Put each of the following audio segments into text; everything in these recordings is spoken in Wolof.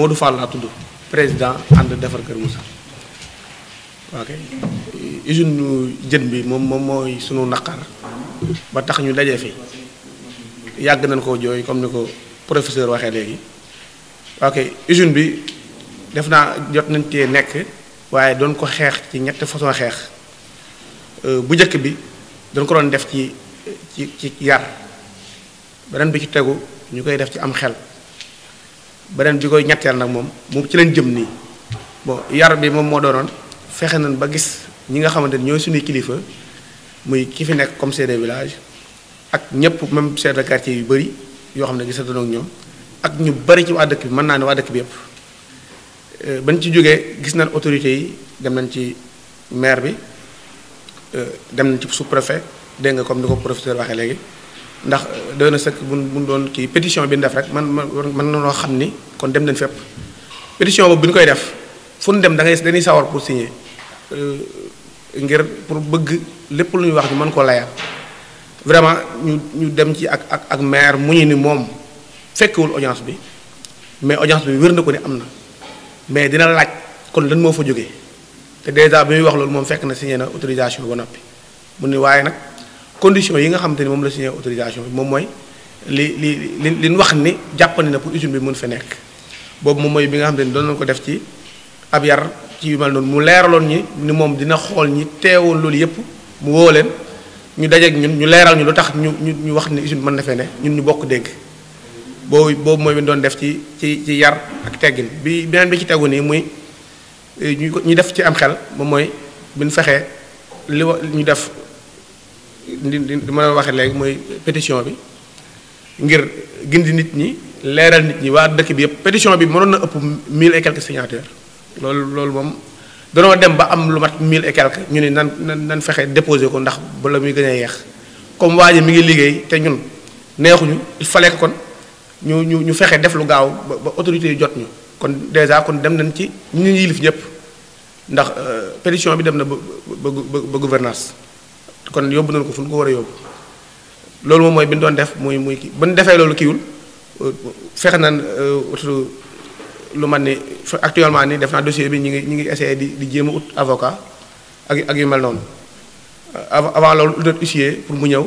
Modou Fall laa tudd président ànd defar Kër Moussa ok usine jën bi moom moom mooy sunu naqar ba tax ñu dajee fi yàgg nañ koo jooy comme ni ko professeur waxee léegi ok usine bi def naa jot nañ cee nekk waaye doon ko xeex ci ñetti façon xeex euh, bu njëkk bi dañ ko doon def ci ci ci yar beneen bi ci tegu ñu koy def ci am xel beneen bi koy ñetteel nag moom moom ci leen jëm nii bon yar bi moom moo doonoon fexe nañ ba gis ñi nga xamante ni ñooy suñuy kilifa muy ki fi nekk comme chef village ak ñëpp même chef de quartier yu bëri yoo xam ne gisatuñoo ak ñoom ak ñu bëri ci waa dëkk bi mën naa ne waa dëkk bi yëpp euh, bañ ci jógee gis nañ autorités yi dem nañ ci maire bi euh, dem nañ ci sous-préfet dégg nga comme ni ko professeur waxee léegi. ndax doy na sëkk bu bu doon kii pétition bi ñu def rek man man man noo xam ni kon dem nañ fépp pétition boobu bi ñu koy def fu ñu dem da ngay dañuy sawar pour signer euh, ngir pour bëgg lépp lu ñuy wax ñu man ko layal vraiment ñu ñu dem ci ak ak ak maire mu ñu ni moom fekkewul audience bi mais audience bi wér na ko ni am na mais dina laaj kon lan moo fa jógee te déjà bi muy wax loolu moom fekk na signé na autorisation ba noppi mu ni waaye nag. condition yi nga xamante ni moom la signé autorisation bi moom mooy li li li li wax ni jàppandi na pour usine bi mën nekk boobu moom mooy bi nga xamante ni doon nañu ko def ci ab yar ci yu mel noonu mu leeraloon ñi ni moom dina xool ñi teewoon loolu yëpp mu woo leen ñu dajeeg ñun ñu leeral ñu lu tax ñu ñu ñu wax ni usine mën na fee ne ñun ñu bokk dégg boobu boobu mooy bi doon def ci ci ci yar ak teggin bi beneen bi ci tegu nii muy eh, ñu def ci am xel moom mooy bu ñu fexee li wa ñu def li li ma waxee léegi mooy pétition bi ngir gindi nit ñi leeral nit ñi waa dëkk bi yëpp pétition bi mënoon na ëpp mille et quelques loolu loolu moom danoo dem ba am lu mat mille et ñu ni nan nan fexe déposé ko ndax ba la muy gën a yeex comme waa ji mi ngi liggéey te ñun neexuñu il kon ñu ñu ñu fexe def lu gaaw ba ba autorité yi jot ñu kon déjà kon dem nañ ci ñu ñuy yilif ñëpp ndax euh, pétition bi dem na ba ba ba gouvernance kon yóbbu nañu ko fu ñu ko war a yóbbu loolu moom mooy bi ñu doon def muy muy kii bu defee loolu kiiwul fexe naan euh, lu man ni actuellement ni def naa bi ñu ngi ñu ngi essayé di di jéem a ut ak ak yu mel noonu euh, avant loolu ut huissier pour mu ñëw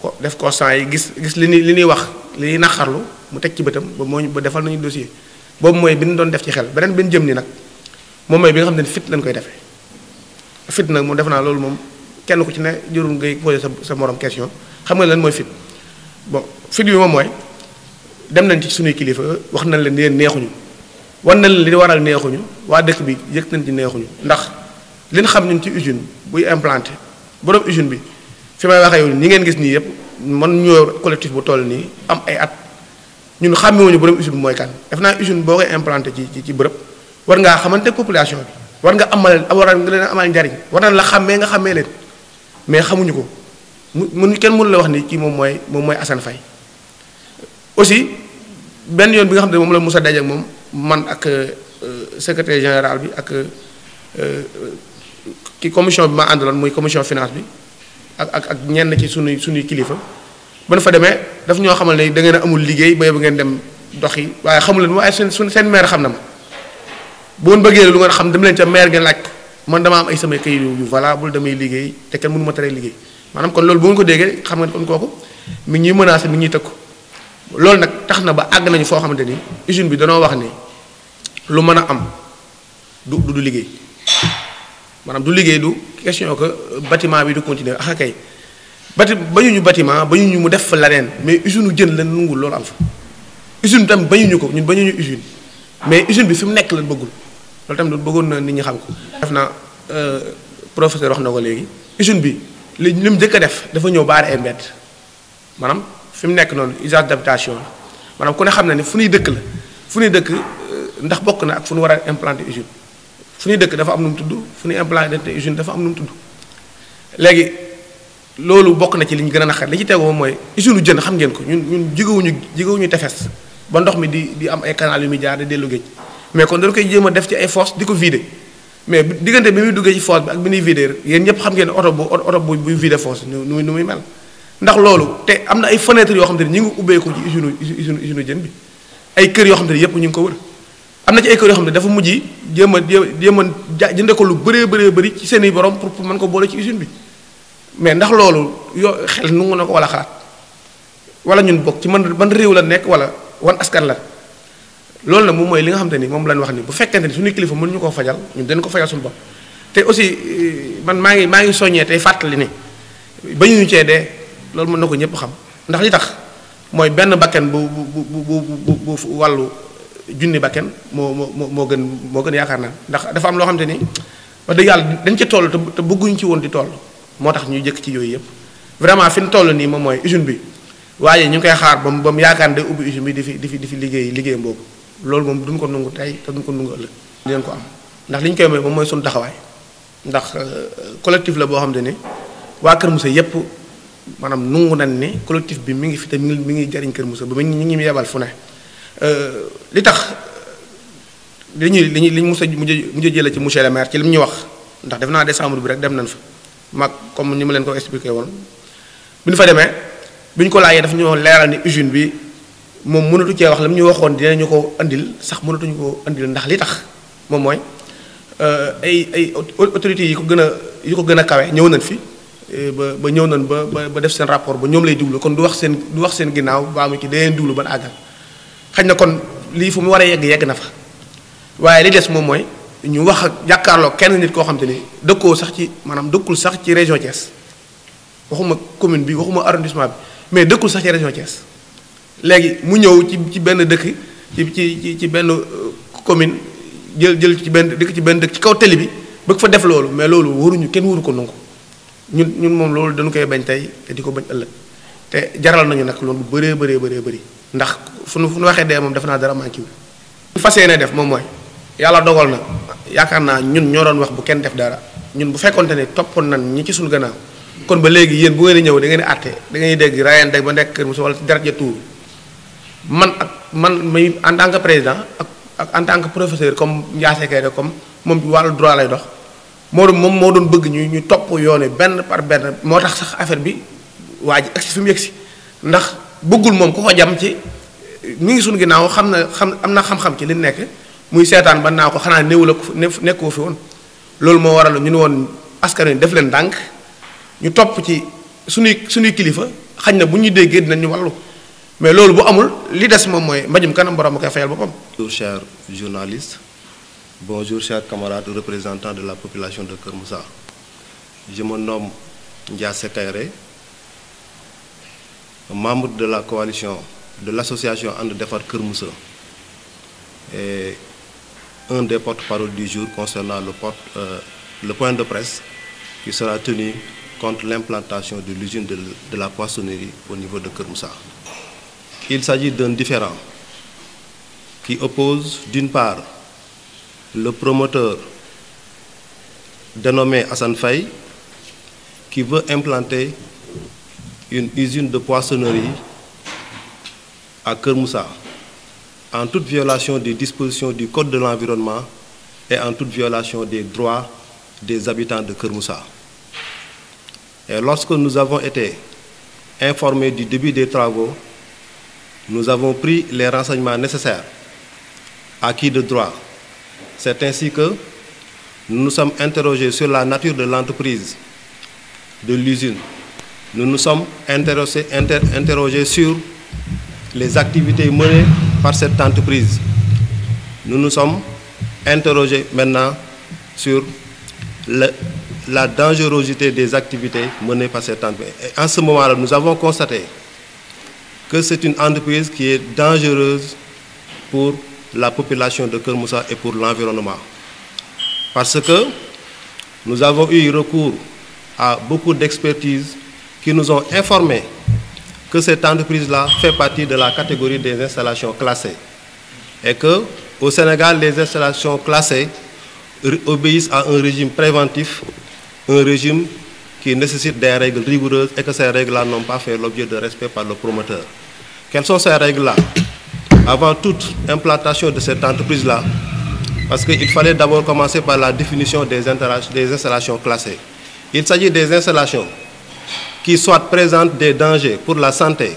ko def constat yi gis gis li ñuy li ñuy wax li ñuy naqarlu mu teg ci bëtam ba moo ba defal nañu dossier boobu mooy bi doon def ci xel beneen bi ñu jëm ni nag moom mooy bi nga xam ne fit lañ koy defee fit nag moom def naa loolu moom kenn ku ci ne jurul ngay posé sa sa morom question xam nga leen mooy fit bo fit bi moom mooy dem nañ ci suñuy kilifa wax nañ leen leen neexuñu war nañ li waral neexuñu waa dëkk bi yëg nañ ci neexuñu ndax liñ xam ñun ci usine buy implanté borom usine bi fi may waxee yow ñi ngeen gis nii yëpp man ñoo collectif bu toll nii am ay at ñun xàmmewuñu borom usine bi mooy kan def naa usine boo koy implanté ci ci bërëb war ngaa xamante population bi war nga amal war nga leen amal njariñ war la xàmmee nga xàmmee leen mais xamuñu ko mu kenn mënu la wax nii kii moom mooy moom mooy Assane fay aussi benn yoon bi nga xam ne moom la Moussa daje ak moom man ak euh, secretaire général bi ak euh, ki commission bi ma àndaloon muy commission finance bi ak ak ak ñenn ci sunuy sunuy kilifa ba fa demee daf ñoo xamal ne da ngeen a amul liggéey ba yóbbu ngeen dem dox yi waaye xamu leen waaye seen seen maire xam na ma bu ngeen bëggee lu ngeen xam dem leen ca maire ngeen laaj man dama am ay samay kayit yu valable damay liggéey te kenn mënu ma teree liggéey maanaam kon loolu bu ngeen ko déggee xam ngeen ko ko mi ngi ñuy menacé mi ñuy ñuy ko loolu nag tax na ba àgg nañu foo xamante ni usine bi danoo wax ni lu mën a am du du liggéey maanaam du liggéey du question que bâtiment bi du continuer ax kay bati bañuñu bâtiment ñu mu def fa leneen mais usine u jën la nungul loolu am fa usine bi tamit bañuñu ko ñun bañuñu usine mais usine bi fi mu nekk lan bëggul loolu tamit bëggoon na nit ñi xam ko. def na euh, professeur wax na ko léegi usine bi li li mu njëkk a def dafa ñëw baare ay mbedd maanaam fi mu nekk noonu usage d'habitation la maanaam ku ne xam na ne fu ñuy dëkk la fu ñuy dëkk euh, ndax bokk na ak fu ñu war a implanter usine fu dëkk dafa am nu mu tudd fu ñuy implanter usine dafa am nu mu tudd léegi loolu bokk na ci li ñu gën a naqar li ci tegu mooy usine jën xam ngeen ko ñun ñun jigéewuñu jigéewuñu tefes ba ndox mi di di am ay canal yu muy jaar di mais kon dañu koy jéem def ci ay force di ko vider mais diggante bi muy duggee ci force bi ak bi ñuy vider yéen ñëpp xam ngeen oto bu oto bu buy vider force nu nu muy mel ndax loolu te am na ay fenêtre yoo xam ne ñu ngi ubbeeku ci usine usine usine jën bi ay kër yoo xam ne yëpp ñu ngi ko wër am na ci ay kër yoo xam ne dafa mujj jéem a jéem a ja jënde ko lu bëree bëree bëri ci seen i borom pour pour man ko boole ci usine bi mais ndax loolu yoo xel nu ngu ne ko wala xalaat wala ñun bokk ci man ban réew la nekk wala wan askan la loolu na moom mooy li nga xam te ni moom lañ wax ni bu fekkente ni suñu kilifa mënuñu koo fajal ñun dañ ko fajal te aussi euh, man maa ngi maa ngi soññee tey fàttali ne ba ñu cee dee loolu mën na ko ñëpp xam ndax li tax mooy benn bakken bu bu bu bu bu wàllu junni bakken moo moo moo gën moo gën yaakaar naa ndax dafa am loo xam ni wax dëgg yàlla dañ ci toll te bëgguñ ci woon di toll moo tax ñu jëkk ci yooyu yëpp vraiment fi ñu toll nii moom mooy usine bi waaye ñu ngi koy xaar ba mu ba mu yaakaar ne day ubbi usine bi di fi di fi di fi liggéey liggéeyam boobu. loolu moom duñ ko nungu tey te duñ ko nungu ëllëg dinañ ko am ndax li ñu koy may moom mooy suñu taxawaay ndax euh, collectif la boo xam te ne waa Kër Moussa yépp maanaam nungu nañ ni collectif bi mi ngi fi te mi ngi mi ngi jariñ Kër Moussa ba mi ngi ñu yebal fu ne euh, li tax li ñuy li ñuy li ñu mos a mujj jëlee ci monsieur le maire ci li mu ñu wax ndax def naa décembre bi rek dem nañ fa mag comme ni ma leen ko expliqué woon bi ñu fa demee bi ñu ko laajee daf ñoo leeral ni usine bi. moom mënatu cee wax lam ñu waxoon dinañu ko indil sax mënatuñu ko andil ndax li tax moom mooy euh, ay ay autorités yi ko gën a yi ko gën a kawe ñëw nañ fi euh, ba ba ñëw nañ ba ba def seen rapport ba ñoom lay déglu kon du wax seen du wax seen ginnaaw baa mu ci da leen déglu ban àggal xañ na kon lii fu mu war a yegg yegg na fa waaye li des moom mooy ñu wax ak jàkkaarloo kenn nit koo xam te ni dëkkoo sax ci maanaam dëkkul sax ci région Thiès waxuma commune bi waxuma arrondissement bi mais dëkkul sax ci région Thiès léegi mu ñëw ci ci benn dëkk ci ci ci benn euh, commune jël jël ci benn dëkk ci benn dëkk ci kaw télé bi bëgg fa def loolu mais loolu waruñu kenn waru ko nangu ñun ñun moom loolu dañu koy bañ tey te di ko bañ ëllëg te jaral nañu nag loolu bëree bëree bëree bëri ndax fu nu fu nu waxee dee moom def naa dara manqué wu fas yéene def moom mooy yàlla dogal na yaakaar naa ñun ñoo doon wax bu kenn def dara ñun bu fekkonte ne toppoon nan ñi ci suñu gannaaw kon ba léegi yéen bu ngeen ñëw da ngeen di àtte da ngeen nekk kër wala dara ja tuuru man ak man may en tant que président ak ak en tant que professeur comme Ndiassé Kairé comme moom ci wàllu droit lay dox moo doo moom moo doon bëgg ñu ñu topp yoone benn par benn moo tax sax affaire bi waa ji agsi fi mu yegsi ndax bëggul moom ku ko jam ci mi ngi suñu ginnaaw xam na xam am na xam ci li nekk muy seetaan ba naa ko xanaa néewu la ko nekkoo fi woon loolu moo waral ñu ne woon askan wi def leen dànk ñu topp ci suñuy suñuy kilifa xañ na bu ñuy déggee dinañ ñu wàllu mais loolu bu amul li des moom mooy mbajum kanam borom a koy fayal boppam. bonjour chers journalistes bonjour chers camarades représentant de la population de Kër Moussa je me nomme Ndiassé membre de la coalition de l'association And Defar Kër Moussa et un des porte-parole du jour concernant le porte euh, le point de presse qui sera tenu contre l'implantation de l'usine de, de la poissonnerie au niveau de Kër Moussa. qu'il s'agit d'un différend qui oppose d'une part le promoteur dénommé Hassan Faye qui veut implanter une usine de poissonnerie à Kermoussa en toute violation des dispositions du côte de l'environnement et en toute violation des droits des habitants de Kermoussa. Et lorsque nous avons été informés du début des travaux, Nous avons pris les renseignements nécessaires acquis de droit. C'est ainsi que nous nous sommes interrogés sur la nature de l'entreprise, de l'usine. Nous nous sommes interrogés, inter, interrogés sur les activités menées par cette entreprise. Nous nous sommes interrogés maintenant sur le, la dangerosité des activités menées par cette entreprise. Et en ce moment-là, nous avons constaté que c'est une entreprise qui est dangereuse pour la population de Kermoussa et pour l'environnement. Parce que nous avons eu recours à beaucoup d'expertises qui nous ont informés que cette entreprise-là fait partie de la catégorie des installations classées et que au Sénégal, les installations classées obéissent à un régime préventif, un régime qui nécessite des règles rigoureuses et que ces règles-là n'ont pas fait l'objet de respect par le promoteur. Quelles sont ces règles-là Avant toute implantation de cette entreprise-là, parce qu'il fallait d'abord commencer par la définition des, des installations classées. Il s'agit des installations qui soient présentes des dangers pour la santé,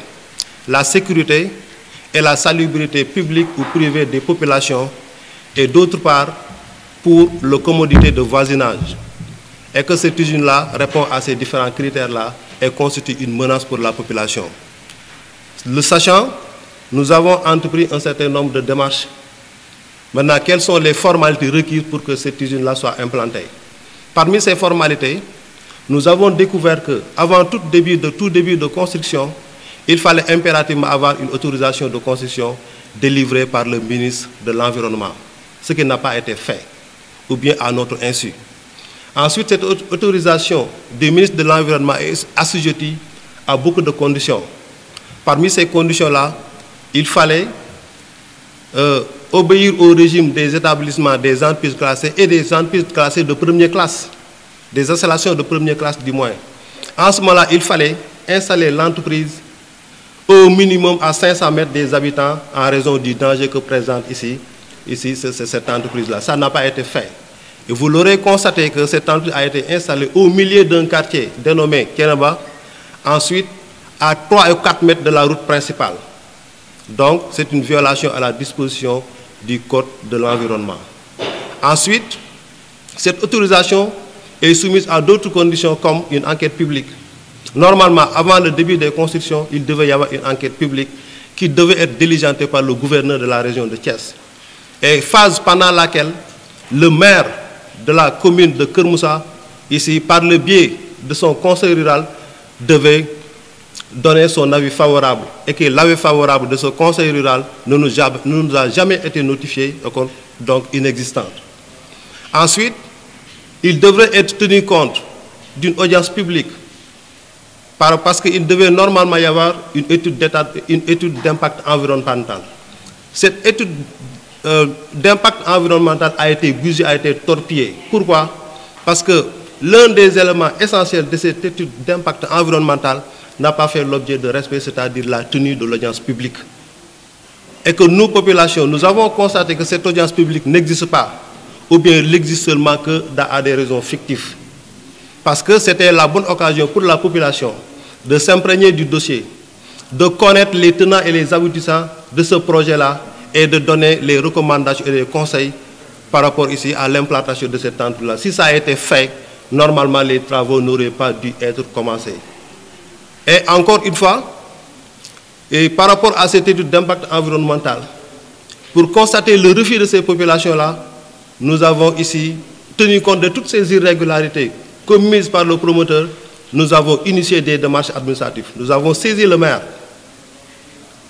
la sécurité et la salubrité publique ou privée des populations et d'autre part pour le commodité de voisinage. Et que cette usine-là répond à ces différents critères-là et constitue une menace pour la population. Le sachant, nous avons entrepris un certain nombre de démarches. Maintenant, quelles sont les formalités requises pour que cette usine-là soit implantée Parmi ces formalités, nous avons découvert que, avant tout début de, tout début de construction, il fallait impérativement avant une autorisation de construction délivrée par le ministre de l'Environnement, ce qui n'a pas été fait, ou bien à notre insu. Ensuite, cette autorisation du ministre de l'Environnement est assujettie à beaucoup de conditions Parmi ces conditions-là, il fallait euh, obéir au régime des établissements des entreprises classées et des entreprises classées de première classe, des installations de première classe du moins. En ce moment-là, il fallait installer l'entreprise au minimum à 500 mètres des habitants en raison du danger que présente ici, ici c est, c est cette entreprise-là. Ça n'a pas été fait. Et vous l'aurez constaté que cette entreprise a été installée au milieu d'un quartier dénommé Kenaba. Ensuite, à 3 ou 4 mètres de la route principale. Donc, c'est une violation à la disposition du Code de l'environnement. Ensuite, cette autorisation est soumise à d'autres conditions comme une enquête publique. Normalement, avant le début des constructions, il devait y avoir une enquête publique qui devait être diligentée par le gouverneur de la région de Thiès. Et phase pendant laquelle le maire de la commune de Kermoussa, ici par le biais de son conseil rural, devait donné son avis favorable et que l'avis favorable de ce conseil rural ne nous, a, ne nous a jamais été notifié, Ensuite, il devrait être tenu compte d'une audience publique parce qu'il devait normalement y avoir une étude d'impact environnemental. Cette étude euh, d'impact environnemental a été bugée, a été torpillée. Pourquoi Parce que l'un des éléments essentiels de cette étude d'impact environnemental, n'a pas fait l'objet de respect, c'est-à-dire la tenue de l'audience publique. Et que nous, populations, nous avons constaté que cette audience publique n'existe pas, ou bien elle seulement que à des raisons fictives. Parce que c'était la bonne occasion pour la population de s'imprégner du dossier, de connaître les tenants et les aboutissants de ce projet-là et de donner les recommandations et les conseils par rapport ici à l'implantation de cette tente a été fait, normalement les travaux n'auraient pas dû être commencés. Et encore une fois, par rapport à cette étude d'impact environnemental, pour constater le refus de ces populations-là, nous avons ici tenu compte de toutes ces irrégularités commises par le promoteur. Nous avons initié des démarches administratives. Nous avons saisi le maire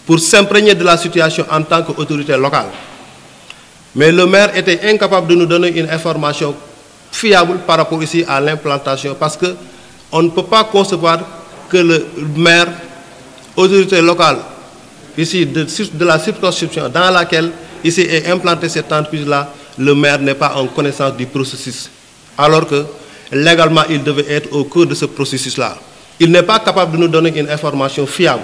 pour s'imprégner de la situation en tant qu'autorité locale. Mais le maire était incapable de nous donner une information fiable par rapport ici à l'implantation parce qu'on ne peut pas concevoir que le maire, autorité locale, ici de, de la circonscription dans laquelle ici est implantée cette entreprise-là, le maire n'est pas en connaissance du processus. Alors que légalement, il devait être au cours de ce processus-là. Il n'est pas capable de nous donner une information fiable.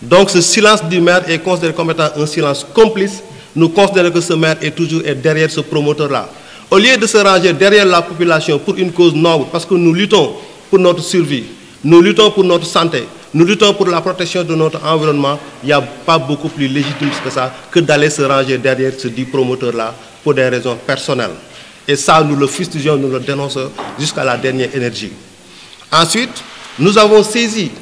Donc ce silence du maire est considéré comme étant un silence complice. Nous considérons que ce maire est toujours derrière ce promoteur-là. Au lieu de se ranger derrière la population pour une cause noble, parce que nous Nous luttons pour notre santé, nous luttons pour la protection de notre environnement. Il n'y a pas beaucoup plus légitime que d'aller se ranger derrière ce dit promoteur-là pour des raisons personnelles. Et ça, nous le fustigeons, nous le dénonçons jusqu'à la dernière énergie. Ensuite, nous avons saisi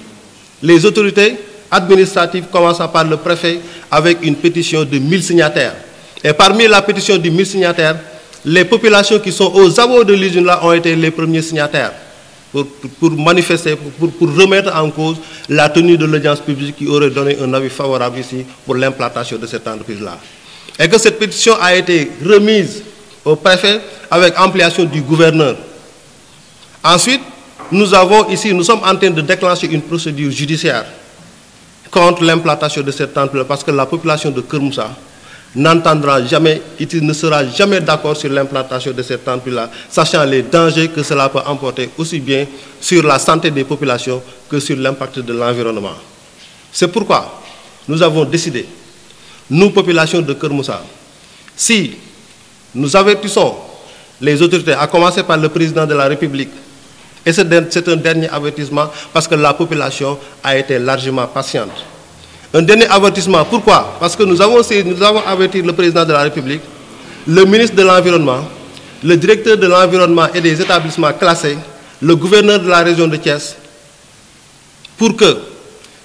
les autorités administratives, commençant par le préfet, avec une pétition de 1000 signataires. Et parmi la pétition de 1000 signataires, les populations qui sont aux de l'usine-là ont été les premiers signataires. pour, pour, manifester, pour, pour, remettre en cause la tenue de l'audience publique qui aurait donné un avis favorable ici pour l'implantation de cette entreprise-là. Et que cette pétition a été remise au préfet avec ampliation du gouverneur. Ensuite, nous avons ici, nous sommes en train de déclencher une procédure judiciaire contre l'implantation de cette temple parce que la population de Kermoussa n'entendra jamais, il ne sera jamais d'accord sur l'implantation de cette entreprise-là, sachant les dangers que cela peut emporter aussi bien sur la santé des populations que sur l'impact de l'environnement. C'est pourquoi nous avons décidé, nous, population de Kermoussa, si nous avertissons les autorités, à commencer par le président de la République, et c'est un dernier avertissement parce que la population a été largement patiente. Un dernier avertissement. Pourquoi Parce que nous avons, nous avons averti le président de la République, le ministre de l'Environnement, le directeur de l'Environnement et des établissements classés, le gouverneur de la région de Thiès, pour que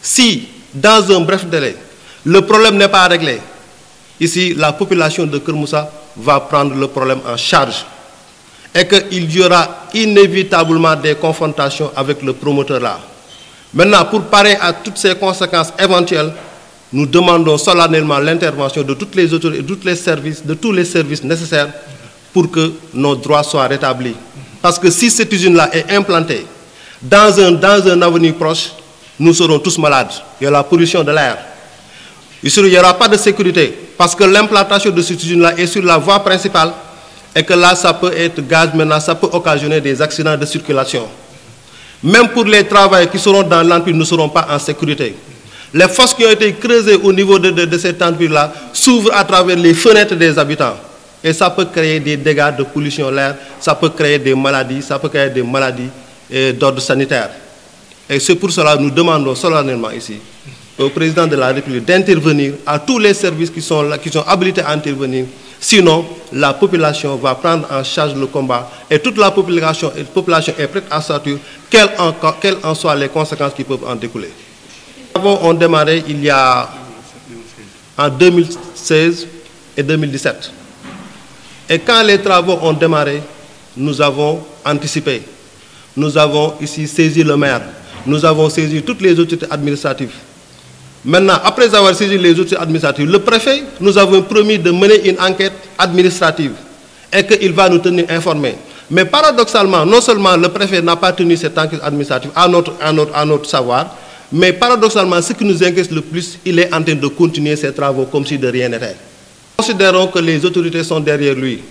si, dans un bref délai, le problème n'est pas réglé, ici, la population de Kermoussa va prendre le problème en charge et qu'il y aura inévitablement des confrontations avec le promoteur la Maintenant, pour parer à toutes ces conséquences éventuelles, nous demandons solennellement l'intervention de toutes les autorités, de, les services, de tous les services nécessaires pour que nos droits soient rétablis. Parce que si cette usine-là est implantée dans un, dans un avenir proche, nous serons tous malades. Il y a la pollution de l'air. Il n'y aura pas de sécurité parce que l'implantation de cette usine-là est sur la voie principale et que là, ça peut être gaz, maintenant, ça des accidents de circulation. Même pour les travailleurs qui seront dans l'entreprise, nous ne serons pas en sécurité. Les fosses qui ont été creusées au niveau de, de, de cette entreprise-là s'ouvrent à travers les fenêtres des habitants. Et ça peut créer des dégâts de pollution l'air, ça peut créer des maladies, ça peut créer des maladies euh, d'ordre sanitaire. Et c'est pour cela que nous demandons solennellement ici au président de la République d'intervenir à tous les services qui sont, là, qui sont habilités à intervenir Sinon, la population va prendre en charge le combat et toute la population, la population est prête à sortir, quelles en, quelles en soient les conséquences qui peuvent en découler. Nous avons démarré il y a en 2016 et 2017. Et quand les travaux ont démarré, nous avons anticipé. Nous avons ici saisi le maire, nous avons saisi toutes les autorités administratives Maintenant, après avoir saisi les outils administratifs, le préfet, nous avons promis de mener une enquête administrative et qu'il va nous tenir informés. Mais paradoxalement, non seulement le préfet n'a pas tenu cette enquête administrative à notre, à notre, à notre savoir, mais paradoxalement, ce qui nous inquiète le plus, il est en de continuer ses travaux comme si de rien n'était. Considérons que les autorités sont derrière lui.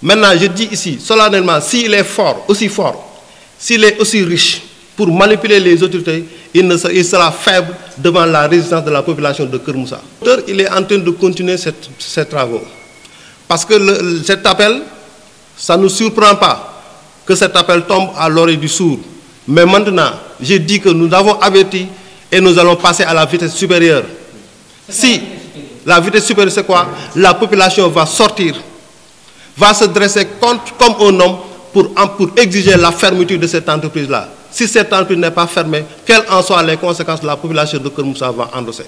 Maintenant, je dis ici, solennellement, s'il est fort, aussi fort, s'il est aussi riche, pour manipuler les autorités, il, ne sera, il sera faible devant la résistance de la population de Kermoussa. Il est en train de continuer cette, ces travaux. Parce que le, cet appel, ça ne surprend pas que cet appel tombe à l'oreille du sourd. Mais maintenant, j'ai dit que nous avons averti et nous allons passer à la vitesse supérieure. Si la vitesse supérieure, c'est quoi La population va sortir, va se dresser contre, comme un homme pour, pour exiger la fermeture de cette entreprise-là. si cette entreprise n'est pas fermée, quelles en soient les conséquences de la population de Kermoussa va endosser.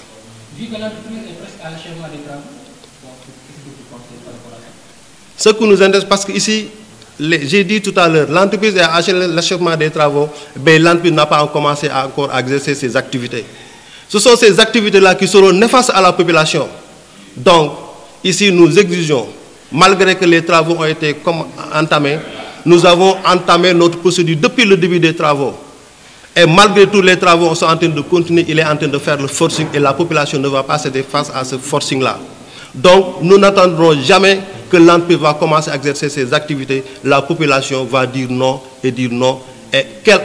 Ce que nous intéresse, parce qu'ici, j'ai dit tout à l'heure, l'entreprise est à des travaux, mais l'entreprise n'a pas commencé à encore à exercer ses activités. Ce sont ces activités-là qui seront néfastes à la population. Donc, ici, nous exigeons, malgré que les travaux ont été entamés, nous avons entamé notre procédure depuis le début des travaux. Et malgré tous les travaux, on en train de continuer, il est en train de faire le forcing et la population ne va pas céder face à ce forcing-là. Donc, nous n'attendrons jamais que l'entreprise va commencer à exercer ses activités. La population va dire non et dire non. Et quel...